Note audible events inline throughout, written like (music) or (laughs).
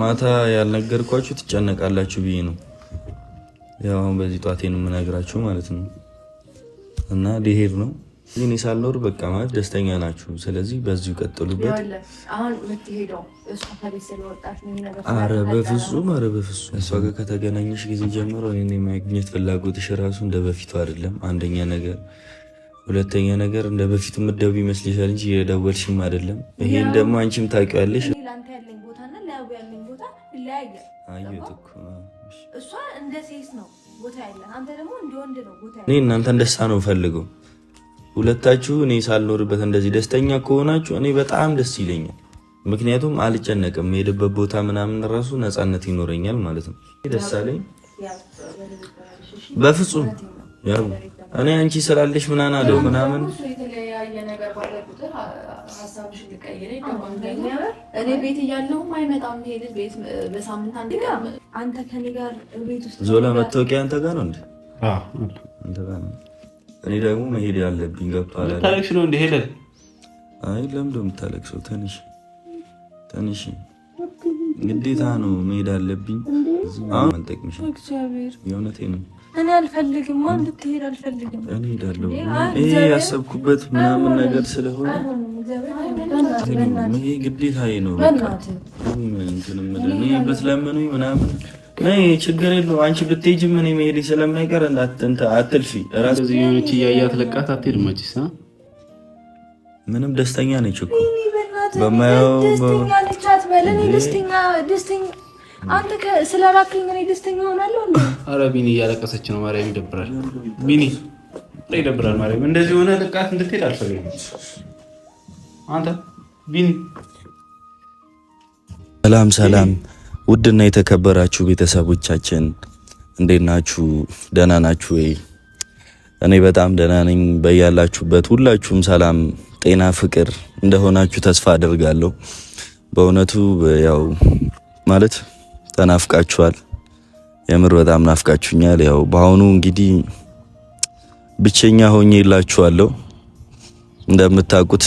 ማታ ያልነገርኳችሁ ትጨነቃላችሁ ብዬ ነው። ያው አሁን በዚህ ጧቴን የምነግራችሁ ማለት ነው። እና ሊሄድ ነው እኔ ሳልኖር በቃ ማለት ደስተኛ ናችሁ። ስለዚህ በዚሁ ቀጥሉበት። አረ በፍጹም አረ በፍጹም እሷ ጋር ከተገናኘሽ ጊዜ ጀምሮ እኔ የማግኘት ፍላጎትሽ ራሱ እንደ በፊቱ አይደለም። አንደኛ ነገር ሁለተኛ ነገር እንደ በፊቱ ምደቡ ይመስልሻል እንጂ የደወልሽም አይደለም። ይሄን ደግሞ አንቺም ታውቂዋለሽ። ይለያያል። እሷ እንደ ሴት ነው ቦታ ያለ፣ አንተ ደግሞ እንደ ወንድ ነው ቦታ ያለ። እኔ እናንተን ደስታ ነው ፈልገው። ሁለታችሁ እኔ ሳልኖርበት እንደዚህ ደስተኛ ከሆናችሁ እኔ በጣም ደስ ይለኛል። ምክንያቱም አልጨነቅም። የሄደበት ቦታ ምናምን ራሱ ነፃነት ይኖረኛል ማለት ነው። ደስ አለኝ። በፍጹም እኔ አንቺ ስላለሽ ምናምን አለው ምናምን እኔ ቤት እያለሁም አይመጣም። ይሄ ቤት በሳምንት አንድ ቀን አንተ ከኔ ጋር ቤት ውስጥ ዞላ መታወቂያ አንተ ጋር ነው እንዴ? አንተ ጋር ነው። እኔ ደግሞ መሄድ ያለብኝ ገብቷል። ታለቅሽ ነው እንዴ ሄለን? አይ ለምን የምታለቅሰው? ትንሽ ትንሽ ግዴታ ነው መሄድ አለብኝ። አሁን አልጠቅምሽም። የእውነቴ ነው እኔ አልፈልግም፣ እንድትሄድ አልፈልግም። እኔ እሄዳለሁ። ይሄ ያሰብኩበት ምናምን ነገር ስለሆነ ይሄ ግዴታዬ ነው። እኔ በትለምኑኝ ምናምን ነይ ችግር የለውም። አንቺ ብትሄጂም እኔ መሄዴ ስለማይቀር አትልፊ። ራስ ዚች እያያት ለቃት አትሄድ መችሳ ምንም ደስተኛ ነች እኮ በማየው ደስተኛ አንተ ስለላከኝ እኔ ደስተኛ ሆናለሁ። አረ ቢኒ እያለቀሰች ነው። ማርያም ይደብራል። ቢኒ ይደብራል። ማርያም እንደዚህ ሆነ ልቃት እንድትሄድ አልፈልግም። አንተ ቢኒ። ሰላም ሰላም፣ ውድና የተከበራችሁ ቤተሰቦቻችን እንዴት ናችሁ? ደህና ናችሁ ወይ? እኔ በጣም ደህና ነኝ። በያላችሁበት ሁላችሁም ሰላም፣ ጤና፣ ፍቅር እንደሆናችሁ ተስፋ አደርጋለሁ። በእውነቱ ያው ማለት ተናፍቃችኋል። የምር በጣም ናፍቃችሁኛል። ያው በአሁኑ እንግዲህ ብቸኛ ሆኜ ይላችኋለሁ እንደምታውቁት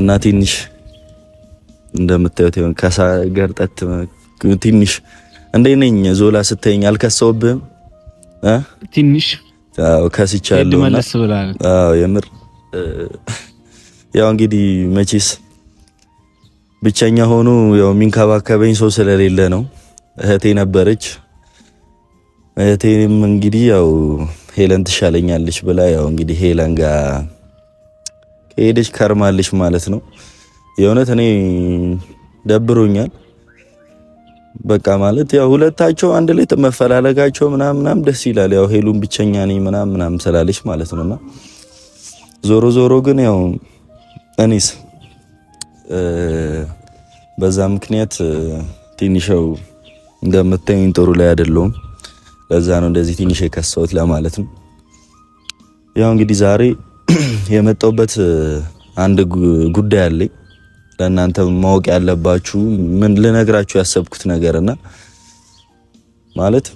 እና ትንሽ እንደምታዩት ይሁን ከሳ ገርጠት ትንሽ እንዴ ነኝ ዞላ ስተኝ አልከሰውብህም እ ትንሽ አዎ ከስቻለሁ። አዎ የምር ያው እንግዲህ መቼስ ብቸኛ ሆኖ ያው የሚንከባከበኝ ሰው ስለሌለ ነው። እህቴ ነበረች። እህቴም እንግዲህ ያው ሄለን ትሻለኛለች ብላ ያው እንግዲህ ሄለን ጋር ከሄደች ከርማለች ማለት ነው። የእውነት እኔ ደብሮኛል። በቃ ማለት ያው ሁለታቸው አንድ ላይ መፈላለጋቸው ምናም ምናም ደስ ይላል። ያው ሄሉን ብቸኛ ነኝ ምናም ምናም ስላለች ማለት ነውና ዞሮ ዞሮ ግን ያው እኔስ በዛ ምክንያት ትንሽው እንደምታዩኝ ጥሩ ላይ አይደለሁም። ለዛ ነው እንደዚህ ትንሽ የከሰውት ለማለት ነው። ያው እንግዲህ ዛሬ (clears throat) የመጣሁበት አንድ ጉዳይ አለኝ ለእናንተ ማወቅ ያለባችሁ ምን ልነግራችሁ ያሰብኩት ነገርና ማለት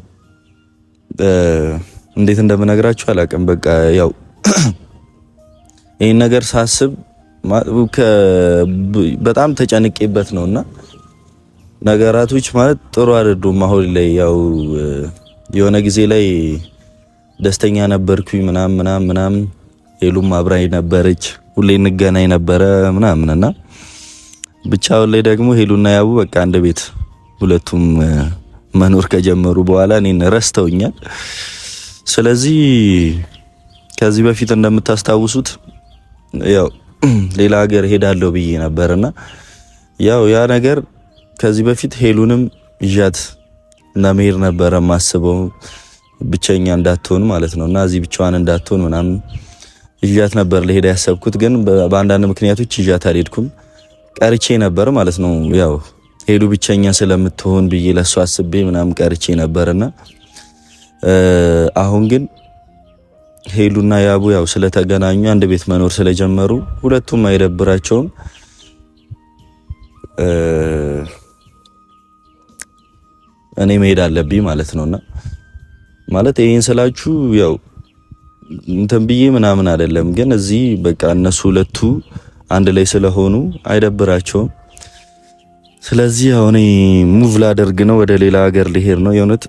እንዴት እንደምነግራችሁ አላውቅም። በቃ ያው (clears throat) ይህን ነገር ሳስብ በጣም ተጨንቄበት ነውና ነገራቶች ማለት ጥሩ አይደሉም። አሁን ላይ ያው የሆነ ጊዜ ላይ ደስተኛ ነበርኩኝ ምናም ምናም ምናም ሄሉም አብራኝ ነበረች፣ ሁሌ እንገናኝ ነበረ ምናምን እና ብቻ አሁን ላይ ደግሞ ሄሉና ያቡ በቃ አንድ ቤት ሁለቱም መኖር ከጀመሩ በኋላ እኔን ረስተውኛል። ስለዚህ ከዚህ በፊት እንደምታስታውሱት ያው ሌላ ሀገር ሄዳለሁ ብዬ ነበርና ያው ያ ነገር ከዚህ በፊት ሄሉንም ይዣት እና መሄድ ነበረ ማስበው ብቸኛ እንዳትሆን ማለት ነው እና እዚህ ብቻዋን እንዳትሆን ምናምን ይዣት ነበር ለሄዳ ያሰብኩት፣ ግን በአንዳንድ ምክንያቶች ይዣት አልሄድኩም ቀርቼ ነበር ማለት ነው። ያው ሄዱ ብቸኛ ስለምትሆን ብዬ ለሱ አስቤ ምናምን ቀርቼ ነበርና አሁን ግን ሄሉና ያቡ ያው ስለተገናኙ አንድ ቤት መኖር ስለጀመሩ ሁለቱም አይደብራቸውም። እኔ መሄድ አለብኝ ማለት ነውና ማለት ይሄን ስላችሁ ያው እንትን ብዬ ምናምን አይደለም፣ ግን እዚህ በቃ እነሱ ሁለቱ አንድ ላይ ስለሆኑ አይደብራቸውም። ስለዚህ ያው እኔ ሙቭ ላደርግ ነው፣ ወደ ሌላ ሀገር ልሄድ ነው። የእውነት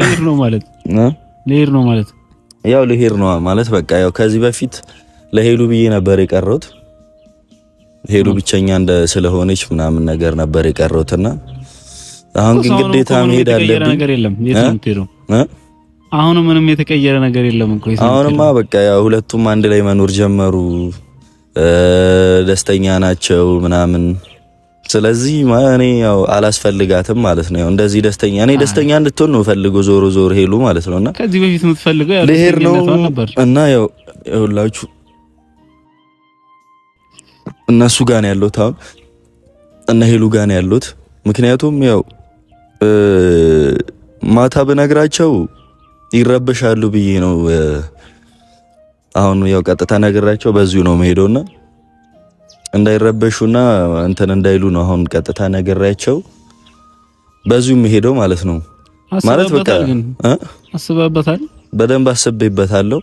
ልሄድ ነው ማለት ነው። ልሄድ ነው ማለት ያው ልሄድ ነው ማለት በቃ ያው ከዚህ በፊት ለሄሉ ብዬ ነበር የቀረሁት። ሄሉ ብቸኛ እንደ ስለሆነች ምናምን ነገር ነበር የቀረሁትና አሁን ግን ግዴታ መሄድ አለብኝ። አሁን ምንም የተቀየረ ነገር የለም እኮ አሁንማ በቃ ያው ሁለቱም አንድ ላይ መኖር ጀመሩ፣ ደስተኛ ናቸው ምናምን ስለዚህ እኔ ያው አላስፈልጋትም ማለት ነው። እንደዚህ ደስተኛ እኔ ደስተኛ እንድትሆን ነው ፈልጎ ዞሮ ዞሮ ሄሉ ማለት ነውና ከዚህ በፊት የምትፈልገው ያው ልሄድ ነው እና ያው ሁላችሁ እነሱ ጋር ነው ያለሁት አሁን እና ሄሉ ጋር ነው ያለሁት። ምክንያቱም ያው ማታ ብነግራቸው ይረበሻሉ ብዬ ነው አሁን ያው ቀጥታ ነግራቸው በዚሁ ነው መሄደውና እንዳይረበሹና እንትን እንዳይሉ ነው። አሁን ቀጥታ ነገራቸው በዚሁ ሄደው ማለት ነው ማለት በቃ አስበበታል። በደንብ አስቤበታለሁ።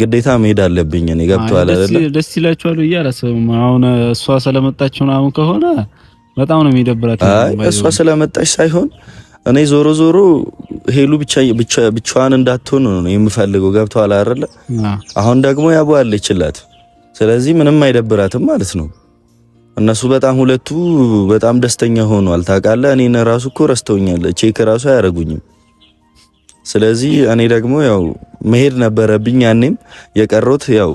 ግዴታ መሄድ አለብኝ እኔ ገብቶሃል አይደል? ደስ ይላችኋል ብዬ አላስብም። አሁን እሷ ስለመጣች ምናምን ከሆነ በጣም ነው የሚደብራት። እሷ ስለመጣች ሳይሆን እኔ ዞሮ ዞሮ ሄሉ ብቻዋን እንዳትሆን ነው የምፈልገው። ገብቶሃል አይደል? አሁን ደግሞ ያቧ አለችላት ስለዚህ ምንም አይደብራትም ማለት ነው። እነሱ በጣም ሁለቱ በጣም ደስተኛ ሆኗል። ታውቃለህ፣ እኔን ራሱ እኮ ረስተውኛል። ቼክ ራሱ አያደርጉኝም። ስለዚህ እኔ ደግሞ ያው መሄድ ነበረብኝ። ያኔም የቀሮት ያው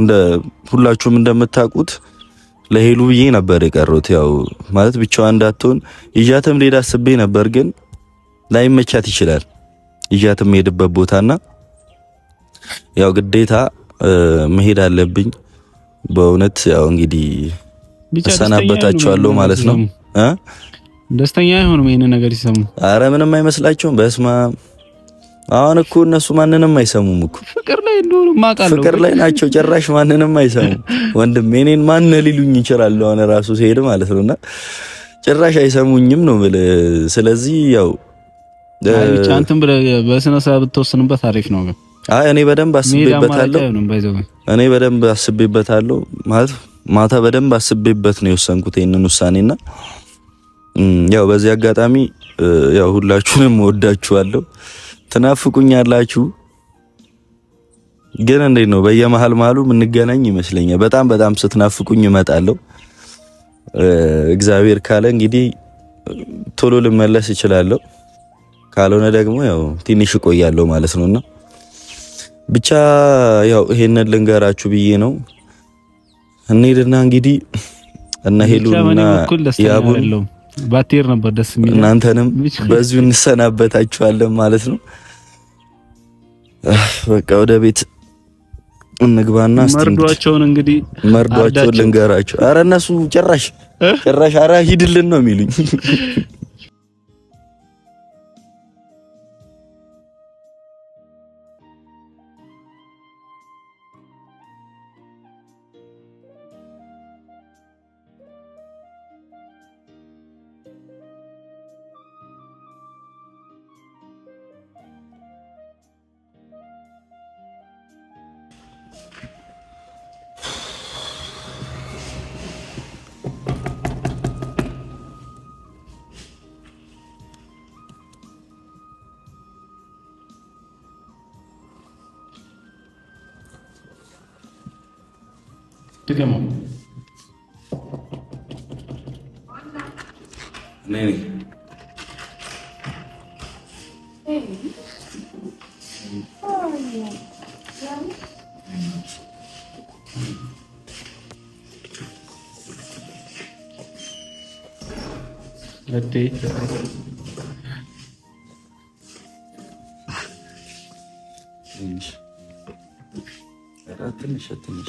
እንደ ሁላችሁም እንደምታውቁት ለሄሉ ብዬ ነበር የቀሮት። ያው ማለት ብቻዋ እንዳትሆን ይዣትም ሌላ አስቤ ነበር፣ ግን ላይመቻት ይችላል። ይዣትም ሄድበት ቦታና ያው ግዴታ መሄድ አለብኝ በእውነት ያው እንግዲህ እሰናበታችኋለሁ ማለት ነው። ደስተኛ አይሆንም ይሄን ነገር ሲሰሙ። አረ ምንም አይመስላቸውም። በስማ አሁን እኮ እነሱ ማንንም አይሰሙም እኮ ፍቅር ላይ እንደሆነ ማቃለው ፍቅር ላይ ናቸው። ጭራሽ ማንንም አይሰሙም። ወንድም እኔን ማን ሊሉኝ ይችላል አሁን ራሱ ሲሄድ ማለት ነው እና ጭራሽ አይሰሙኝም ነው የምልህ። ስለዚህ ያው ቻንትን ብለህ በስነ ስርዓት ብትወስንበት አሪፍ ነው። ግን እኔ በደንብ አስቤበታለሁ። እኔ በደንብ አስቤበታለሁ። ማለት ማታ በደንብ አስቤበት ነው የወሰንኩት ይህንን ውሳኔና ያው በዚህ አጋጣሚ ያው ሁላችሁንም ወዳችኋለሁ። ትናፍቁኛላችሁ ግን እንዴት ነው በየመሀል መሀሉ የምንገናኝ ይመስለኛል። በጣም በጣም ስትናፍቁኝ እመጣለሁ። እግዚአብሔር ካለ እንግዲህ ቶሎ ልመለስ እችላለሁ፣ ካልሆነ ደግሞ ያው ትንሽ እቆያለሁ ማለት ነውና ብቻ ያው ይሄንን ልንገራችሁ ብዬ ነው። እንሂድና እንግዲህ እና ሄሉና ያቡን ባቴር ነበር ደስ የሚል እናንተንም በዚሁ እንሰናበታችኋለን ማለት ነው። በቃ ወደ ቤት እንግባና መርዷቸውን እንግዲህ መርዷቸውን ልንገራችሁ። አረ እነሱ ጭራሽ ጭራሽ አረ ሂድልን ነው የሚሉኝ። ድገመው። ትንሽ ትንሽ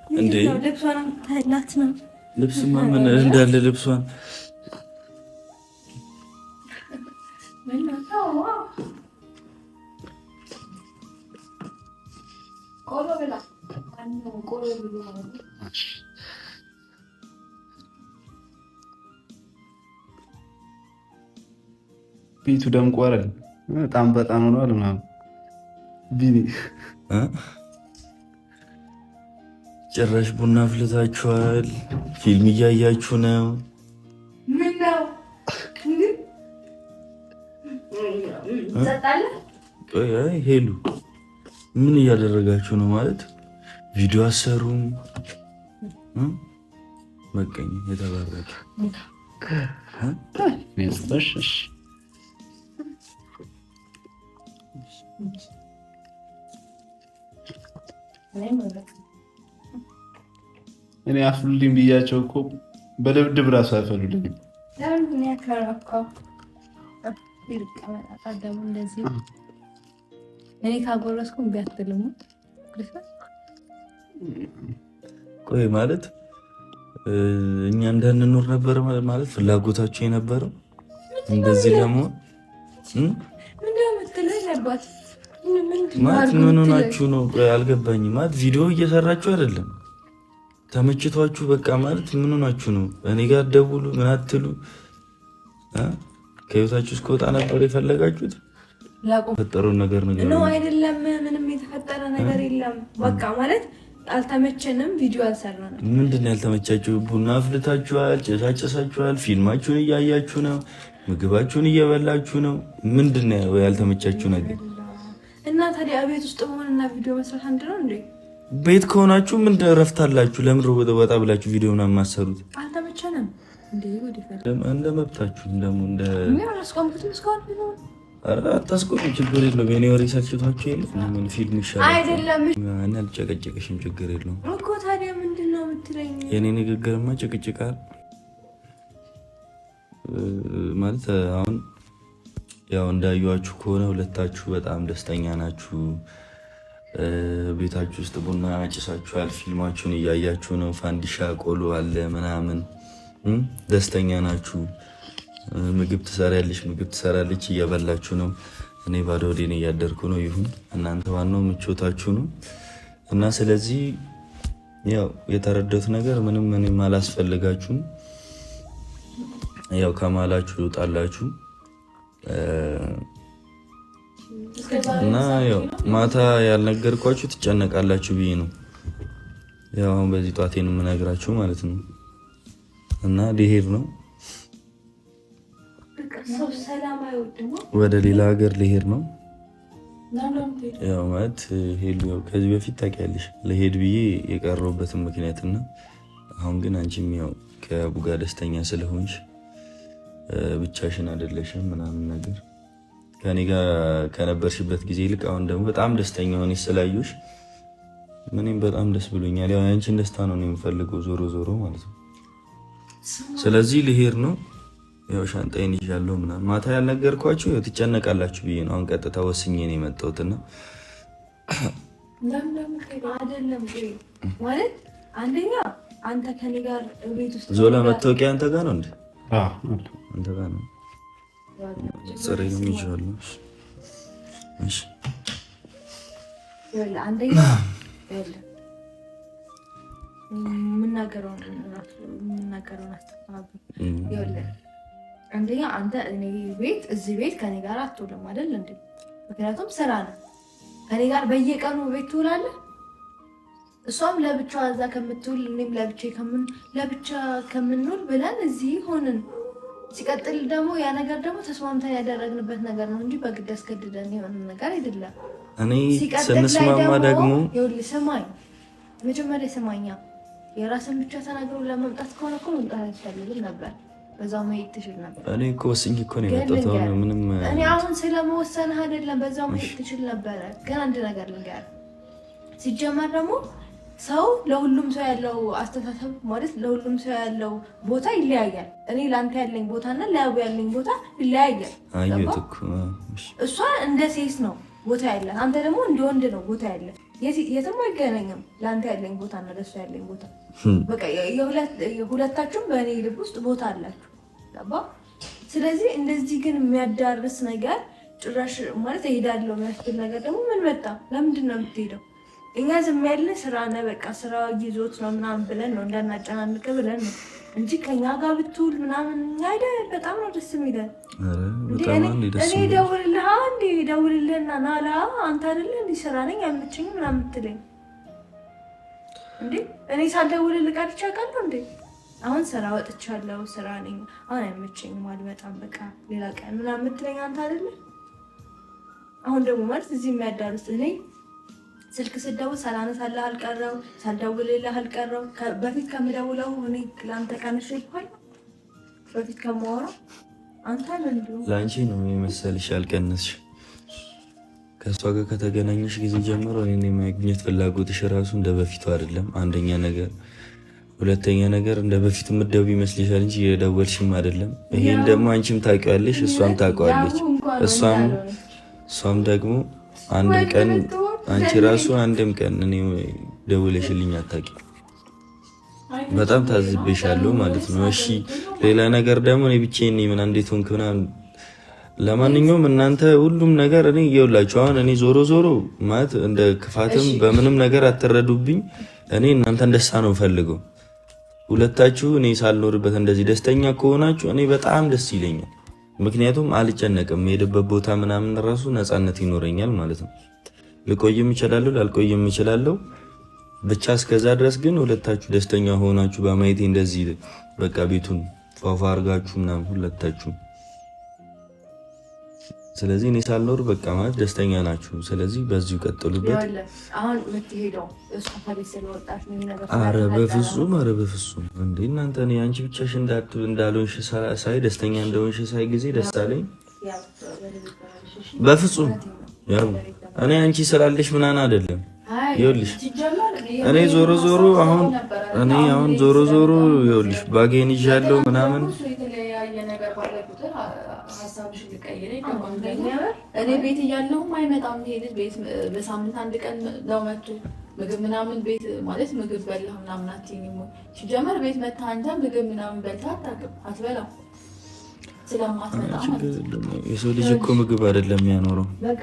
እንዴ ልብስማ ምን እንዳለ ልብሷን ቤቱ ደምቋል። በጣም በጣም ነው አለ ምናምን ጭራሽ ቡና አፍልታችኋል፣ ፊልም እያያችሁ ነው። ሄሉ ምን እያደረጋችሁ ነው? ማለት ቪዲዮ አሰሩም መቀኝ የተባረከ እኔ አፍሉልኝ ብያቸው እኮ በደብድብ ራሱ አይፈሉልኝ እኔ ካጎረስኩ እምቢ ቆይ ማለት እኛ እንዳንኖር ነበር ማለት ፍላጎታቸው የነበረው እንደዚህ ደግሞ ምን ሆናችሁ ነው? አልገባኝም። ማለት ቪዲዮ እየሰራችሁ አይደለም ተመችቷችሁ በቃ ማለት ምን ሆናችሁ ነው? እኔ ጋር ደውሉ ምን አትሉ። ከህይወታችሁ እስከወጣ ነበር የፈለጋችሁት። የተፈጠረውን ነገር ነው አይደለም? ምንም የተፈጠረ ነገር የለም። በቃ ማለት አልተመቸንም። ቪዲዮ አልሰራንም። ምንድን ነው ያልተመቻችሁ? ቡና አፍልታችኋል፣ ጨሳጨሳችኋል፣ ፊልማችሁን እያያችሁ ነው፣ ምግባችሁን እየበላችሁ ነው። ምንድን ነው ያልተመቻችሁ ነገር? እና ታዲያ ቤት ውስጥ መሆንና ቪዲዮ መስራት አንድ ነው እንዴ? ቤት ከሆናችሁ ምን ረፍታላችሁ? አላችሁ? ለምድር ወጣ ብላችሁ ቪዲዮ ምናምን ማሰሩት አልተመቸንም። እንደ መብታችሁ ደግሞ እንደ አታስቆም፣ ችግር የለውም። የኔ ወሬ ሰልችቷችሁ የለም ፊልም ይሻላል። አልጨቀጨቅሽም፣ ችግር የለውም እኮ ታዲያ ምንድን ነው የምትለኝ? የኔ ንግግርማ ጭቅጭቃል ማለት አሁን ያው እንዳዩዋችሁ ከሆነ ሁለታችሁ በጣም ደስተኛ ናችሁ። ቤታችሁ ውስጥ ቡና ጭሳችኋል፣ ፊልማችሁን እያያችሁ ነው፣ ፋንዲሻ ቆሎ አለ ምናምን፣ ደስተኛ ናችሁ። ምግብ ትሰሪያለች፣ ምግብ ትሰራለች፣ እያበላችሁ ነው። እኔ ባዶ ወዴን እያደርኩ ነው። ይሁን እናንተ ዋናው ምቾታችሁ ነው። እና ስለዚህ ያው የተረዳሁት ነገር ምንም ምንም አላስፈልጋችሁም። ያው ከማላችሁ ይውጣላችሁ። እና ያው ማታ ያልነገርኳችሁ ትጨነቃላችሁ ብዬ ነው ያው አሁን በዚህ ጧቴን የምነግራችሁ ማለት ነው። እና ሊሄድ ነው ወደ ሌላ ሀገር ሊሄድ ነው። ያው ማለት ሄድ ከዚህ በፊት ታውቂያለሽ ለሄድ ብዬ የቀረውበትን ምክንያትና አሁን ግን አንቺም ያው ከቡጋ ደስተኛ ስለሆንሽ ብቻሽን አይደለሽም ምናምን ነገር ከኔ ጋር ከነበርሽበት ጊዜ ይልቅ አሁን ደግሞ በጣም ደስተኛ ሆነሽ ስላየሁሽ ምንም በጣም ደስ ብሎኛል። ያው ያንቺን ደስታ ነው የምፈልገው ዞሮ ዞሮ ማለት ነው። ስለዚህ ልሄድ ነው። ያው ሻንጣዬን ይዣለሁ ምናምን ማታ ያልነገርኳችሁ ያው ትጨነቃላችሁ ብዬ ነው አሁን ቀጥታ ወስኜ ነው የመጣሁትና አንደኛ አንተ ከኔ ጋር ቤት ውስጥ ዞላ መታወቂያ አንተ ጋር ነው እንደ አንተ ጋር ነው ጽሬንም ይዤዋለሁ። እሺ አንደኛ አንተ እኔ ቤት እዚህ ቤት ከኔ ጋር አትውልም አይደል ምክንያቱም ስራ ነው። ከኔ ጋር በየቀኑ ቤት ትውላለህ። እሷም ለብቻዋ እዛ ከምትውል እኔም ለብቻ ለብቻ ከምንውል ብለን እዚህ ሆንን። ሲቀጥል ደግሞ ያ ነገር ደግሞ ተስማምተን ያደረግንበት ነገር ነው እንጂ በግድ አስገድደን የሆነ ነገር አይደለም። እኔ ስንስማማ ደግሞ ይኸውልህ፣ ስማኝ፣ መጀመሪያ ስማኛ፣ የራስን ብቻ ተናግሮ ለመምጣት ከሆነ እኮ መምጣት አያስፈልግም ነበር። በዛው መሄድ ትችል ነበር። እኔ እኮ ወስኜ እኮ ነው የመጣሁት። ምንም እኔ አሁን ስለመወሰንህ አይደለም፣ በዛው መሄድ ትችል ነበረ። ግን አንድ ነገር ልንገርህ፣ ሲጀመር ደግሞ ሰው ለሁሉም ሰው ያለው አስተሳሰብ ማለት ለሁሉም ሰው ያለው ቦታ ይለያያል። እኔ ለአንተ ያለኝ ቦታና ለያቡ ያለኝ ቦታ ይለያያል። እሷ እንደ ሴት ነው ቦታ ያለ አንተ ደግሞ እንደ ወንድ ነው ቦታ ያለ የትም አይገናኝም። ለአንተ ያለኝ ቦታና ለእሷ ያለኝ ቦታ በቃ ሁለታችሁም በእኔ ልብ ውስጥ ቦታ አላችሁ። ስለዚህ እንደዚህ ግን የሚያዳርስ ነገር ጭራሽ ማለት እሄዳለሁ የሚያስብል ነገር ደግሞ ምን መጣ? ለምንድን ነው የምትሄደው? እኛ ዝም ያለ ስራ ነ በቃ ስራ ይዞት ነው ምናምን ብለን ነው እንዳናጨናንቅ ብለን ነው እንጂ ከኛ ጋር ብትውል ምናምን አይደ በጣም ነው ደስ የሚለን። እኔ ደውልልሃ እንዲ ደውልልህና ናላ አንተ አደለ እንዲ ስራ ነኝ አልመቸኝ ምናምን ትለኝ እንዴ እኔ ሳልደውልልህ ቀርቼ አውቃለሁ እንዴ? አሁን ስራ ወጥቻለሁ ስራ ነኝ አሁን አይመቸኝም አልመጣም በቃ ሌላ ቀን ምናምን ትለኝ አንተ አደለ። አሁን ደግሞ ማለት እዚህ የሚያዳርስ እኔ ስልክ ስደውል ሳላነሳልህ አልቀረው ሳልደውልልህ አልቀረው በፊት ከምደውለው እኔ ለአንተ ቀንሽ ይባል በፊት ከማወራው አንተ ለአንቺ ነው የመሰልሽ ያልቀነስሽ። ከእሷ ጋር ከተገናኘሽ ጊዜ ጀምሮ እኔን የማግኘት ፍላጎትሽ ራሱ እንደ በፊቱ አይደለም። አንደኛ ነገር፣ ሁለተኛ ነገር እንደ በፊቱ የምትደውይ ይመስልሻል እንጂ የደወልሽም አይደለም። ይሄን ደግሞ አንቺም ታውቂዋለሽ፣ እሷም ታውቀዋለች። እሷም ደግሞ አንድ ቀን አንቺ ራሱ አንድም ቀን እኔ ደውለሽልኝ አታቂ በጣም ታዝቤሻለሁ ማለት ነው። እሺ ሌላ ነገር ደግሞ እኔ ብቻዬን ነኝ ምናምን እንዴት ሆንክ ምናምን። ለማንኛውም እናንተ ሁሉም ነገር እኔ እየውላችሁ አሁን እኔ ዞሮ ዞሮ ማለት እንደ ክፋትም በምንም ነገር አትረዱብኝ። እኔ እናንተን ደስታ ነው ፈልገው ሁለታችሁ እኔ ሳልኖርበት እንደዚህ ደስተኛ ከሆናችሁ እኔ በጣም ደስ ይለኛል። ምክንያቱም አልጨነቅም፣ የሄደበት ቦታ ምናምን ራሱ ነፃነት ይኖረኛል ማለት ነው። ልቆይም እችላለሁ፣ ላልቆይም እችላለሁ። ብቻ እስከዛ ድረስ ግን ሁለታችሁ ደስተኛ ሆናችሁ በማየቴ እንደዚህ በቃ ቤቱን ፏፏ አርጋችሁ ምናምን ሁለታችሁ። ስለዚህ እኔ ሳልኖር በቃ ማለት ደስተኛ ናችሁ። ስለዚህ በዚሁ ቀጥሉበት። አረ በፍጹም አረ በፍጹም እንዴ እናንተ እኔ አንቺ ብቻሽ እንዳልሆንሽ ሳይ ደስተኛ እንደሆንሽ ሳይ ጊዜ ደስታ አለኝ በፍጹም እኔ አንቺ ስላለሽ ምናምን አይደለም። ይኸውልሽ እኔ ዞሮ ዞሮ አሁን እኔ አሁን ዞሮ ዞሮ ይኸውልሽ ባጌን ይዣለሁ ምናምን እኔ ቤት እያለሁም አይመጣም። ይሄ ልጅ ቤት በሳምንት አንድ ቀን ነው መጥቶ ምግብ ምናምን ቤት ማለት ምግብ በላህ ምናምን አትይኝም። ሲጀመር ቤት መታ አንተ ምግብ ምናምን በልታ አታውቅም፣ አትበላም ስለማትመጣ ነው። የሰው ልጅ እኮ ምግብ አይደለም የሚያኖረው በቃ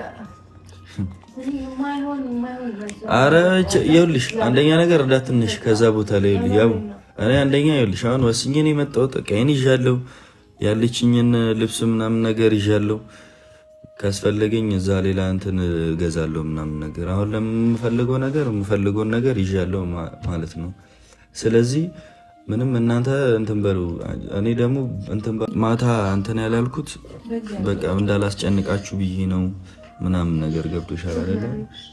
አረ ይኸውልሽ፣ አንደኛ ነገር እንዳትንሽ ከዛ ቦታ ላይ ይኸውልሽ፣ ያው እኔ አንደኛ ይኸውልሽ፣ አሁን ወስኜ ነው የመጣሁት። ቀይን ይዣለሁ፣ ያለችኝን ልብስ ምናምን ነገር ይዣለሁ። ካስፈለገኝ እዛ ሌላ እንትን እገዛለሁ ምናምን ነገር። አሁን ለምፈልገው ነገር የምፈልገውን ነገር ይዣለሁ ማለት ነው። ስለዚህ ምንም እናንተ እንትን በሉ። እኔ ደግሞ ማታ እንትን ያላልኩት በቃ እንዳላስጨንቃችሁ ብዬ ነው። ምናምን ነገር ገብቶሻል አይደለ?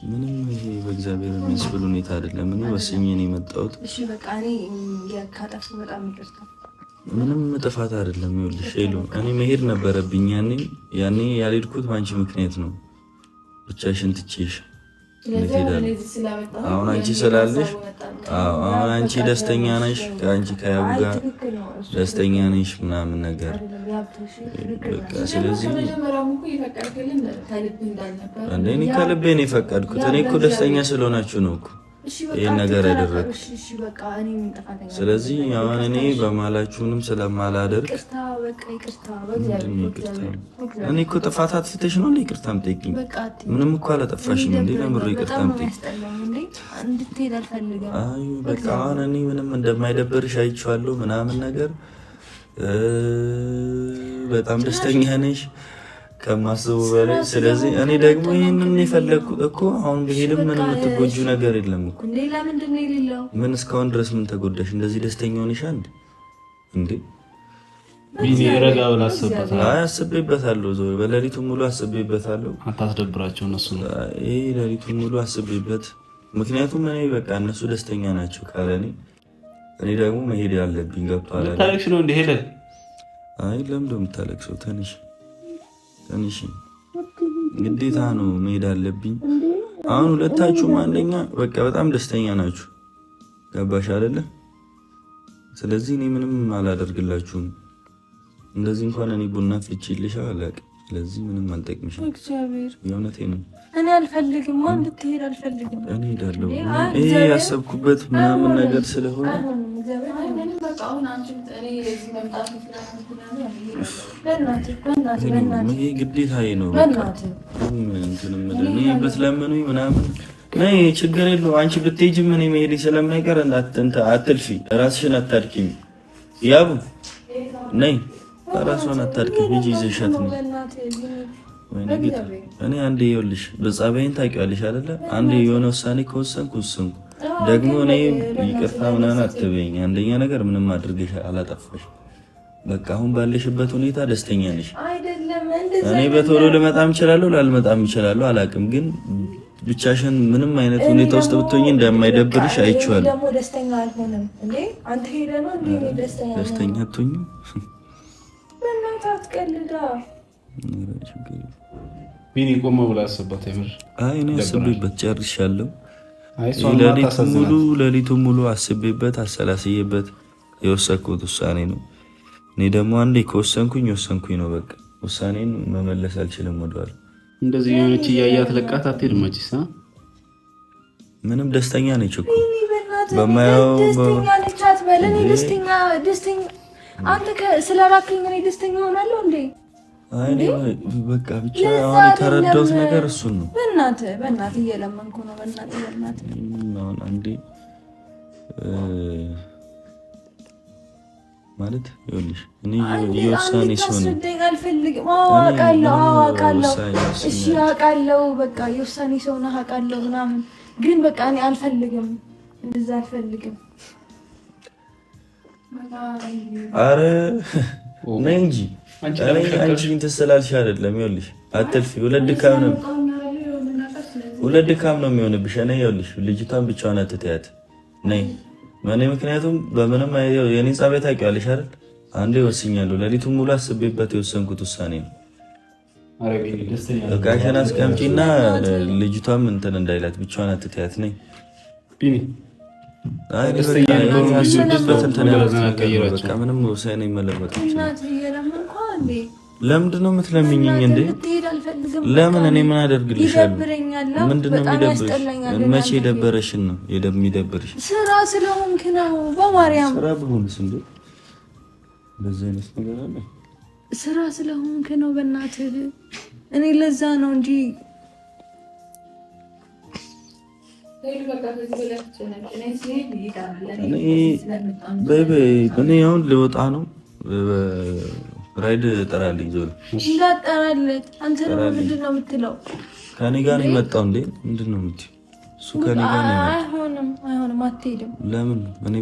ምንም ይሄ በእግዚአብሔር የሚያስብል ሁኔታ አይደለም። እኔ ወስኜ ነው የመጣሁት። እሺ በቃ እኔ ካጠፍኩ በጣም ይቅርታ። ምንም ጥፋት አይደለም። ይኸውልሽ ሄሎ፣ እኔ መሄድ ነበረብኝ። ያኔ ያኔ ያልሄድኩት በአንቺ ምክንያት ነው። ብቻሽን ትቼሽ አሁን አንቺ ስላለሽ አሁን አንቺ ደስተኛ ነሽ፣ ከአንቺ ከያቡ ጋር ደስተኛ ነሽ ምናምን ነገር በቃ ስለዚህ እኔ ከልቤ ነው የፈቀድኩት። እኔ እኮ ደስተኛ ስለሆናችሁ ነው እኮ ይህን ነገር ያደረግ። ስለዚህ አሁን እኔ በማላችሁንም ስለማላደርግ እኔ እኮ ጥፋት አትፍተሽ ነው እንደ ይቅርታ የምጠይቅኝ። ምንም እኮ አላጠፋሽም። እንዴ? ለምሮ ይቅርታ የምጠይቅኝ። በቃ አሁን እኔ ምንም እንደማይደበርሽ አይቼዋለሁ ምናምን ነገር በጣም ደስተኛ ነሽ። ከማስቡ በላይ ስለዚህ እኔ ደግሞ ይህንን የፈለግኩ እኮ አሁን ብሄድም ምን የምትጎጁ ነገር የለም እኮ ምን እስካሁን ድረስ ምን ተጎዳሽ እንደዚህ ደስተኛ ሆንሻ እንዴ እንዴ ረጋ ብላ አስቤበታለሁ አስቤበታለሁ ዞ በሌሊቱን ሙሉ አስቤበታለሁ አታስደብራቸው እነሱ ይህ ሌሊቱን ሙሉ አስቤበት ምክንያቱም እኔ በቃ እነሱ ደስተኛ ናቸው ካለ እኔ እኔ ደግሞ መሄድ ያለብኝ ገብቷል ታለቅሽ ነው እንደ ሄለን አይ ለምንድን ነው የምታለቅሰው ተንሽ ትንሽ ግዴታ ነው መሄድ አለብኝ። አሁን ሁለታችሁም አንደኛ በቃ በጣም ደስተኛ ናችሁ። ገባሽ አይደለ? ስለዚህ እኔ ምንም አላደርግላችሁም። እንደዚህ እንኳን እኔ ቡና ፍልቼልሻ አላውቅም። ስለዚህ ምንም አልጠቅምሽም። እግዚአብሔር የእውነቴ ነው። እኔ አልፈልግም፣ እንድትሄድ አልፈልግም። እኔ ሄዳለሁ። ይሄ ያሰብኩበት ምናምን ነገር ስለሆነ ይሄ ግዴታዬ ነው። እኔ በትለምኑኝ ምናምን ነይ ችግር የለውም። አንቺ ብትሄጂም እኔ መሄዴ ስለማይቀር አትልፊ፣ ራስሽን አታድቂም። ያቡ ነይ፣ ራሷን አታድቂም። ሂጂ ይዘሻት ነው እኔ አንዴ ይኸውልሽ በጸባይን ታውቂዋለሽ አይደለ? አንዴ የሆነ ውሳኔ ከወሰንኩ ወሰንኩ። ደግሞ እኔ ይቅርታ ምናምን አትበይኝ። አንደኛ ነገር ምንም አድርገሽ አላጠፋሽ። በቃ አሁን ባለሽበት ሁኔታ ደስተኛ ነሽ። እኔ በቶሎ ልመጣም እችላለሁ ላልመጣም እችላለሁ አላውቅም፣ ግን ብቻሽን ምንም አይነት ሁኔታ ውስጥ ብትሆኝ እንደማይደብርሽ አይቼዋለሁ። ደስተኛ አልሆንም እንዴ? አንተ ሄደህ ነው እንዴ ደስተኛ ቢኒ ቆመ ብላ አስባት። የምር እኔ አስቤበት ጨርሻለሁ። ሙሉ ሌሊቱን ሙሉ አስቤበት አሰላስዬበት የወሰንኩት ውሳኔ ነው። እኔ ደግሞ አንዴ ከወሰንኩኝ ወሰንኩኝ ነው በቃ። ውሳኔን መመለስ አልችልም ወደኋላ። እንደዚህ የሆነች እያያት ለቃት አትሄድም መችስ። ምንም ደስተኛ ነች እኮ በማየው ደስተኛ አንተ ስለ እኔ ደስተኛ ሆናለሁ እንዴ? በቃ ብቻ አሁን የተረዳሁት ነገር እሱን ነው። በእናትህ በእናትህ እየለመንኩ ነው። በእናትህ በእናትህ አሁን አንዴ ማለት ይኸውልሽ እኔ የውሳኔ ሰው አውቃለሁ አውቃለሁ። በቃ የውሳኔ ሰው ነህ አውቃለሁ ምናምን፣ ግን በቃ እኔ አልፈልግም፣ እንደዛ አልፈልግም። ኧረ ነይ እንጂ አንቺን ትስላልሽ አይደለም። ይኸውልሽ አትልፊ። ሁለት ድካም ነው ሁለት ድካም ነው የሚሆንብሽ። እኔ ይኸውልሽ ልጅቷን ብቻዋን አትተያት ነይ እኔ ምክንያቱም በምንም የኔ ጸባይ ታውቂዋለሽ አይደል? አንዴ ወስኛለሁ። ሌሊቱን ሙሉ አስቤበት የወሰንኩት ውሳኔ ነው። እቃሽን አስቀምጪና ልጅቷም እንትን እንዳይላት ብቻዋን አትተያት ነይ ምንም ውሳኔ መለወጥ እንዴ? ለምንድን ነው የምትለምኝኝ እንዴ? ለምን? እኔ ምን አደርግልሻለሁ? ምንድን ነው የሚደብርሽ? መቼ የደበረሽን ነው የሚደብርሽ? ስራ ስለሆንክ ነው። በማርያም ስራ ብሆንስ እንዴ? በዚህ አይነት ነገር አለ። ስራ ስለሆንክ ነው። በእናትህ እኔ ለዛ ነው እንጂ እኔ አሁን ልወጣ ነው ራይድ ጠራልኝ። ዘው እንዳጠራለት አንተ ነው ምንድን ነው የምትለው? ከኔ ጋር የመጣው እንዴ? ምንድን ነው የምትይው? እሱ ከኔ ለምን? እኔ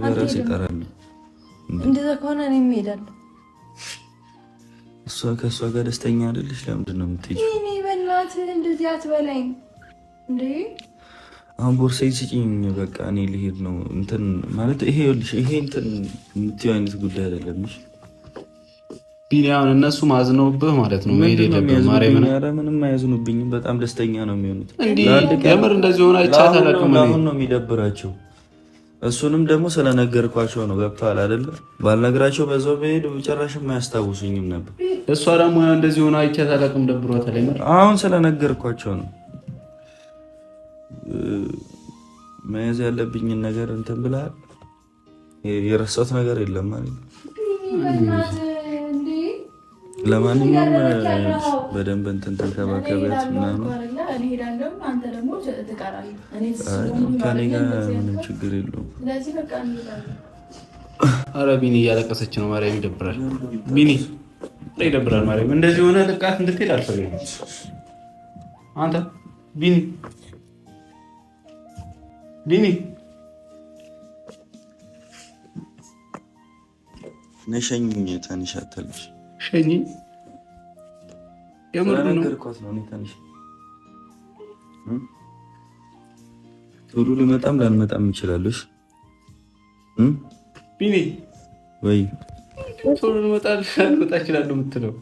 በራሴ እንደዛ ከሆነ እኔ እሄዳለሁ። እሷ ከእሷ ጋር ደስተኛ አይደለሽ። ለምንድን ነው የምትሄጂው? እኔ በእናትህ እንደዚህ አትበላኝ እንዴ! አሁን ቦርሳዬን በቃ እኔ ልሄድ ነው። እንትን ማለት ይሄ ይኸውልሽ፣ ይሄ እንትን የምትይው አይነት ጉዳይ አይደለም። እሺ ቢኒያምን እነሱ ማዝነውብህ ማለት ነው። መሄድ የለብህም። ማርያምን ምንም አያዝኑብኝም። በጣም ደስተኛ ነው የሚሆኑት። የምር እንደዚህ ሆነ አይቻት አላውቅም። አሁን ነው የሚደብራቸው። እሱንም ደግሞ ስለነገርኳቸው ነው። ገብተዋል አይደለ? ባልነግራቸው በዛው በሄድ ጭራሽም አያስታውሱኝም ነበር። እሷ ደግሞ ያው እንደዚህ ሆነ አይቻት አላውቅም። ደብሯታል። የምር አሁን ስለነገርኳቸው ነው መያዝ ያለብኝን ነገር እንትን ብለሃል። የረሳሁት ነገር የለም ማለት ነው ለማንኛውም በደንብ እንትን ተንከባከቢያት ምናምን። ከኔ ጋር ምንም ችግር የለውም። አረ ቢኒ እያለቀሰች ነው። ማርያም ይደብራል። ቢኒ ይደብራል። ማርያም እንደዚህ የሆነ ልቃት እንድትሄድ አልፈልግም። አንተ ቢኒ ቢኒ ነሸኝ ተንሻተልሽ ሸኝ የምር ነው። ቶሎ ልመጣም ላልመጣም እችላለሁ። ቢኒ ወይ ቶሎ ልመጣ ላልመጣ እችላለሁ የምትለው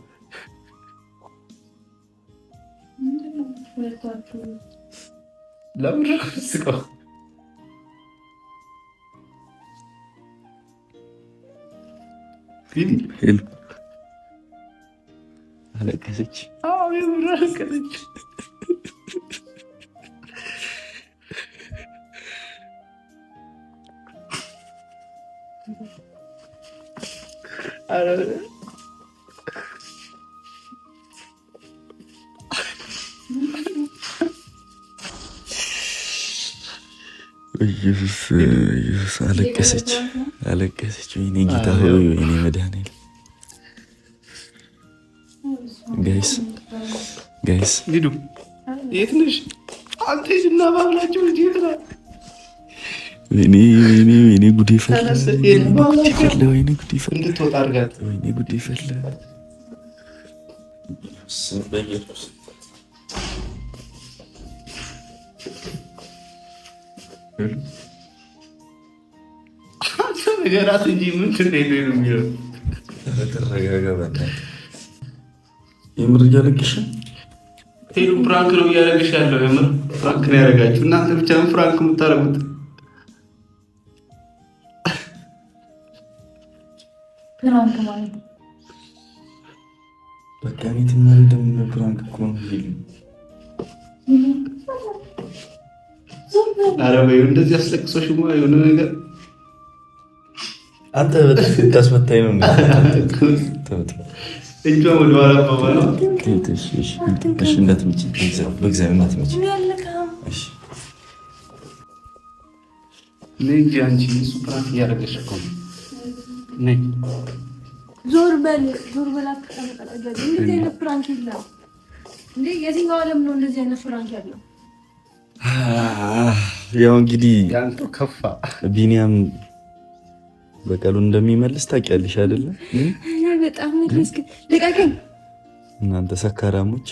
ለምንድን ነው ቢኒ አለቀሰች። የምር አለቀሰች። ኢየሱስ ኢየሱስ አለቀሰች አለቀሰች። ወይኔ ጌታ ሆይ ወይኔ መድኃኒ ጋይስ ሂዱ የት ነሽ? አንተሽ እና ባብላችሁ ልጅ ይጥራ ወይኔ ወይኔ ወይኔ ወይኔ ጉዴ ፈላ። እንድትወጣ አድርጋት። ወይኔ ጉዴ ፈላ። ነገራት እንጂ ምንድን ነው የሚለው? ተረጋጋ የምር እያለቅሽ ቴዱ ፍራንክ ነው እያደረገሽ ያለው። የምር ፍራንክ ነው ያደረጋችሁ እናንተ ብቻ ነው ፍራንክ የምታደርጉት። በቃ ፍራንክ እኮ ነው። ኧረ በይው እንደዚህ አስለቅሶሽ የሆነ ነገር አንተ በጣም ታስመታኝ ነው እጇ ወደኋላ ባባላ እንዳትመጪ፣ በእግዚአብሔር እንጂ አንቺ እሱ ፕራንክ እያደረገሽ እኮ ነው። ዞር በል ዞር በል፣ እንደዚህ አይነት ፕራንክ የለም። የትኛው ዓለም ነው እንደዚህ አይነት ፕራንክ ያለው? ያው እንግዲህ ቢኒያም በቀሉን እንደሚመልስ ታውቂያለሽ አይደለም? በጣም ልቀቀኝ። እናንተ ሰካራሞች፣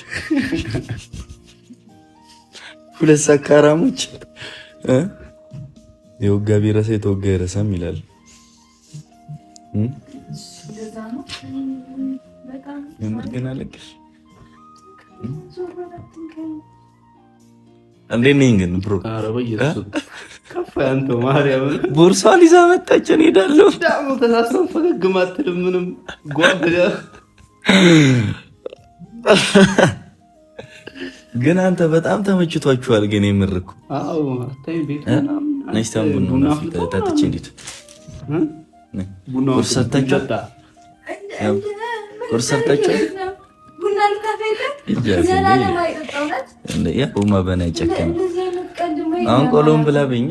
ሁለት ሰካራሞች። የወጋ ቢረሳ የተወጋ ይረሳም ይላል። የምር ግን አለቅሽ። እንዴት ነኝ ግን ከፋንቶ ማርያም ቦርሷን ይዛ መጣች። እሄዳለሁ ዳሙ ተሳስተን ፈገግ ማትልም ምንም ጓድ ግን አንተ በጣም ተመችቷችኋል። ግን የምር እኮ አዎ፣ ቡና በና ይጨከናል አሁን ቆሎም ብላብኝ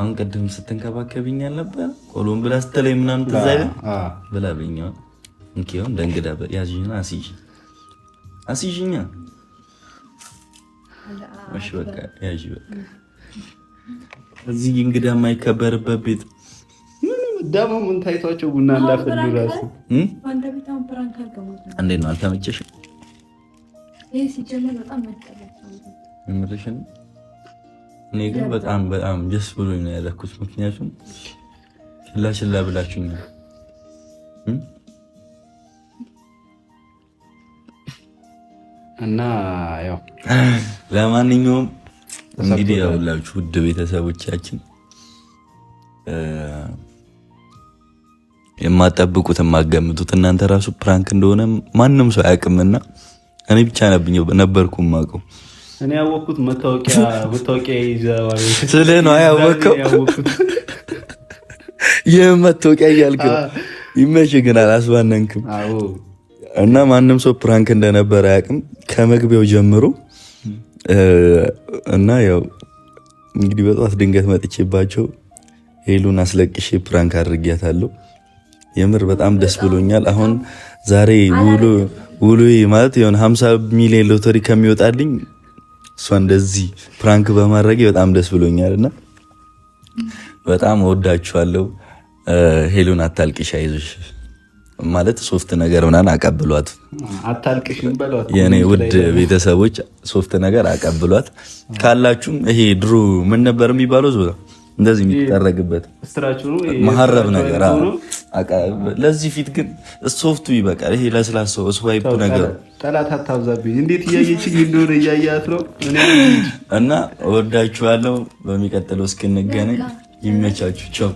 አሁን ቅድም ስትንከባከብኝ አልነበረ? ቆሎም ብላ ስትለኝ ምናምን ትዝ አይልም? ብላብኝ እንኪሁን ደንግዳ ያዥና አስይዥ አስይዥኛ። እሺ በቃ ያዥ በቃ። እዚህ እንግዳ የማይከበርበት ቤት ምን ታይቷቸው ቡና እንዳፈሉ ራሱ እንዴት ነው? አልተመቸሽም? እኔ ግን በጣም በጣም ደስ ብሎ ነው ያለኩት። ምክንያቱም ችላ ችላ ብላችሁኛል። እና ያው ለማንኛውም እንግዲህ ያውላችሁ ውድ ቤተሰቦቻችን የማጠብቁት የማገምቱት እናንተ ራሱ ፕራንክ እንደሆነ ማንም ሰው አያውቅምና እኔ ብቻ ነብኝ ነበርኩ የማውቀው። እኔ ያወቅኩት መታወቂያ (laughs) መታወቂያ ይዘዋል ስልህ ነው ያወቅከው። (laughs) ይህ መታወቂያ እያልክ ይመች፣ ግን አላስባነንክም። እና ማንም ሰው ፕራንክ እንደነበረ አያውቅም ከመግቢያው ጀምሮ። እና ያው እንግዲህ በጠዋት ድንገት መጥቼባቸው ሄሉን አስለቅሼ ፕራንክ አድርጊያታለሁ። የምር በጣም ደስ ብሎኛል። አሁን ዛሬ ውሉ ማለት የሆነ ሀምሳ ሚሊዮን ሎተሪ ከሚወጣልኝ እሷ እንደዚህ ፕራንክ በማድረጌ በጣም ደስ ብሎኛል እና በጣም እወዳችኋለሁ። ሄሉን አታልቅሽ፣ አይዞሽ ማለት ሶፍት ነገር ምናን አቀብሏት፣ የኔ ውድ ቤተሰቦች ሶፍት ነገር አቀብሏት። ካላችሁም ይሄ ድሮ ምን ነበር የሚባለው እንደዚህ የሚጠረግበት መሀረብ ነገር ለዚህ ፊት ግን ሶፍቱ ይበቃል። ይሄ ለስላሳው ስዋይፕ ነገር ጠላት አታብዛብኝ። እንዴት እያየችኝ እንደሆነ እያያት ነው። እና እወዳችኋለሁ። በሚቀጥለው እስክንገናኝ ይመቻችሁ። ቸው